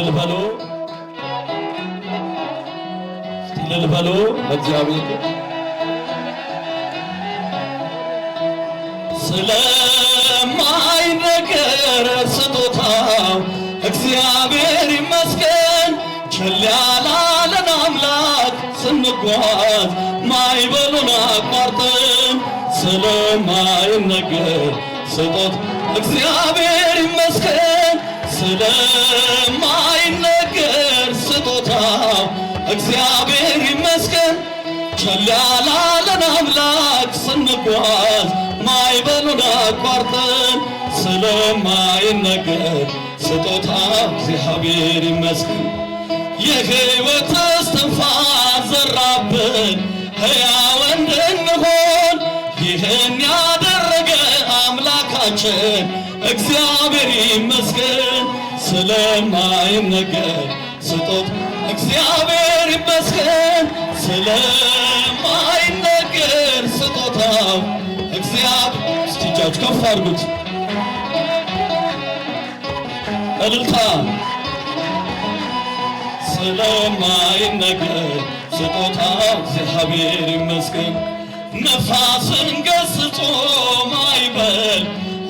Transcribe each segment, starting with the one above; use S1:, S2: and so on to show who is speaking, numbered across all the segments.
S1: እልል በሉ፣ እልል በሉ ለእግዚአብሔር ስለማይነገር ስጦታ እግዚአብሔር ይመስገን። ቸል ያላለን አምላክ ስንጓዝ ማዕበሉን አቋርጠን ስለማይነገር ስጦታ እግዚአብሔር ይመስገን። ስለማይነገር ስጦታው እግዚአብሔር ይመስገን። ቸል አምላክ ስንጓዝ ማዕበሉን አቋርጠን ስለማይነገር ስጦታው እግዚአብሔር ይመስገን። የሕይወት እስትንፋስ ዘራብን ሕያው እንድንሆን ይህን በልባችን እግዚአብሔር ይመስገን ስለማይነገር ስጦት እግዚአብሔር ይመስገን ስለማይነገር ስጦታው እግዚአብሔር እስቲ ከፍ አድርጉት። እልልታ ስለማይነገር ስጦታው እግዚአብሔር ይመስገን ነፋስን ገስጾ ማይበል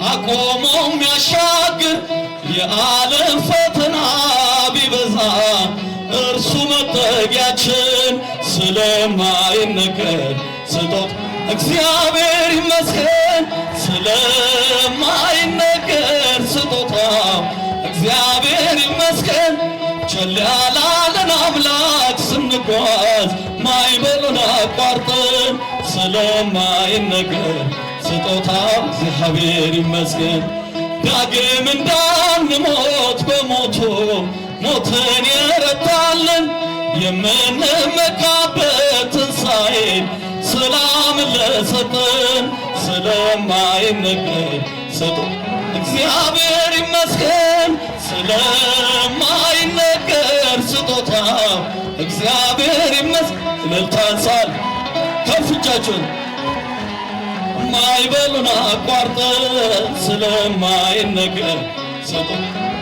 S1: አቆሞ የሚያሻግር የዓለም ፈተና ቢበዛ እርሱ መጠጊያችን ስለማይነገር ስጦት እግዚአብሔር ይመስገን ስለማይነገር ስጦታ እግዚአብሔር ይመስገን ቸል ያላለን አምላክ ስንጓዝ ማይበሉን አቋርጠን ስለማይነገር ስጦታ እግዚአብሔር ይመስገን። ዳግም እንዳንሞት በሞቱ ሞትን የረታልን የምንመካበት ትንሣኤን ሰላም ለሰጠን ስለማይነገር ስጡ እግዚአብሔር ይመስገን ስለማይነገር ስጦታ እግዚአብሔር ይመስገን። እልልታንሳል ከፍ እጃችሁን ሐሳቡን አቋርጠን ስለማይነገር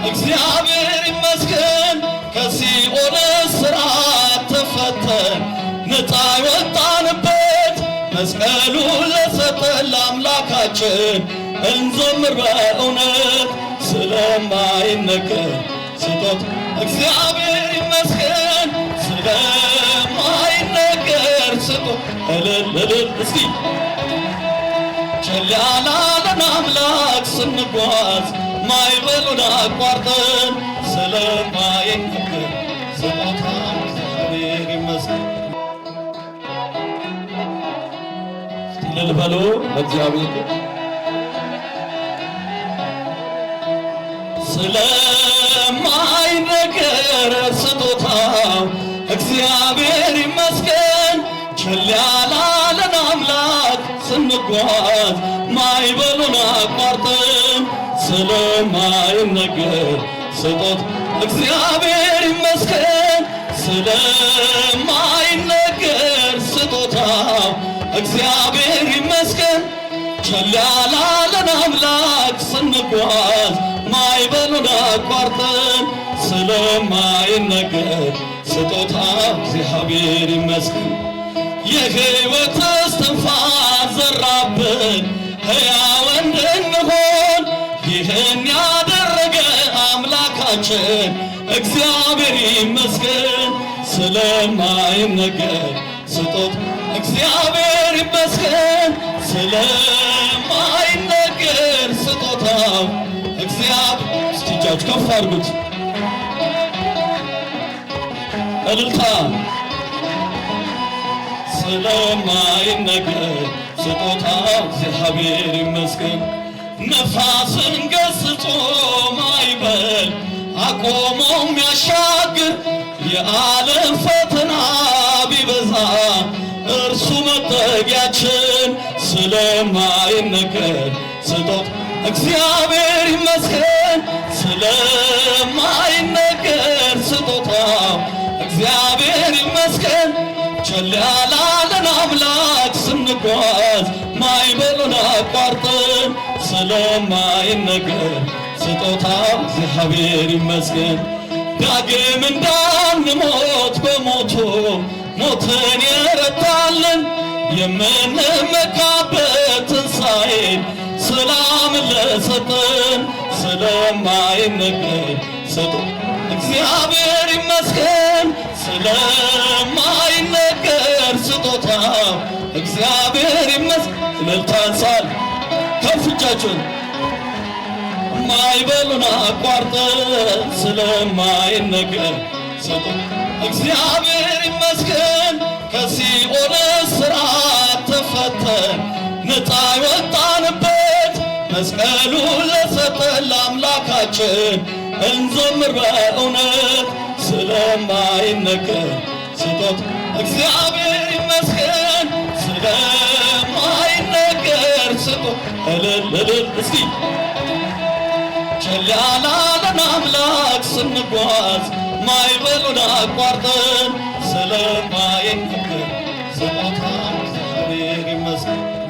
S1: እግዚአብሔር ይመስገን ከሲኦል እስራት ተፈተን ነፃ የወጣንበት መስቀሉ ለሰጠን ለአምላካችን እንዘምር በእውነት ስለማይነገር ስጦት እግዚአብሔር ይመስገን ስለማይነገር ስጦት እልል እልል እስቲ ችላ አምላክ ስንጓዝ ማይበሉን አቋርጠን ስለማይከብር ስጦታ እግዚአብሔር ይመስገን። ስለማይነገር እግዚአብሔር ይመስገን ስንጓዝ ማዕበሉን አቋርጠን ስለማይነገር ስጦት እግዚአብሔር ይመስገን ስለማይነገር ስጦታው እግዚአብሔር ይመስገን ቸል አምላክ ስንጓዝ ማዕበሉን አቋርጠን ስለማይነገር ስጦታ እግዚአብሔር ይመስገን የሕይወት እስትንፋ የተሰራበት ሕያው እንድንሆን ይህን ያደረገ አምላካችን እግዚአብሔር ይመስገን። ስለማይነገር ስጦት እግዚአብሔር ይመስገን። ስለማይነገር ስጦታው እግዚአብሔር እስቲ እጃችሁ ከፍ አድርጉት። እልልታ ስለማይነገር ስጦታው እግዚአብሔር ይመስገን። ነፋስን ገስጾ ማዕበል አቆሞ የሚያሻግር የዓለም ፈተና ቢበዛ እርሱ መጠጊያችን ስለማይነገር ስጦት እግዚአብሔር ይመስገን ስለማይነገር ስጦታው እግዚአብሔር ይመስገን ቸል ያላለን አምላክ ስንጓዝ ማዕበሉን አቋርጠን ስለማይነገር ስጦታ እግዚአብሔር ይመስገን። ዳግም እንዳንሞት በሞቱ ሞትን የረታልን የምንመካበት ትንሣኤ ሰላም ለሰጠን ስለማይነገር ስጦታ እግዚአብሔር ይመስገን ስለማይነ ስጦታ እግዚአብሔር ይመስገን። እልልታ አንሳል ከፍ እጃችሁን ማይበሉን አቋርጠን ስለማይነገር እግዚአብሔር ይመስገን። ከሲኦል ስራት ተፈተን ነፃ የወጣንበት መስቀሉ ለሰጠን ለአምላካችን እንዘምር በእውነት ስለማይነገር ስጦታ እግዚአብሔር እልል እስቲ ቸል አምላክ ስንጓዝ ማዕበሉን አቋርጠን ስለማየን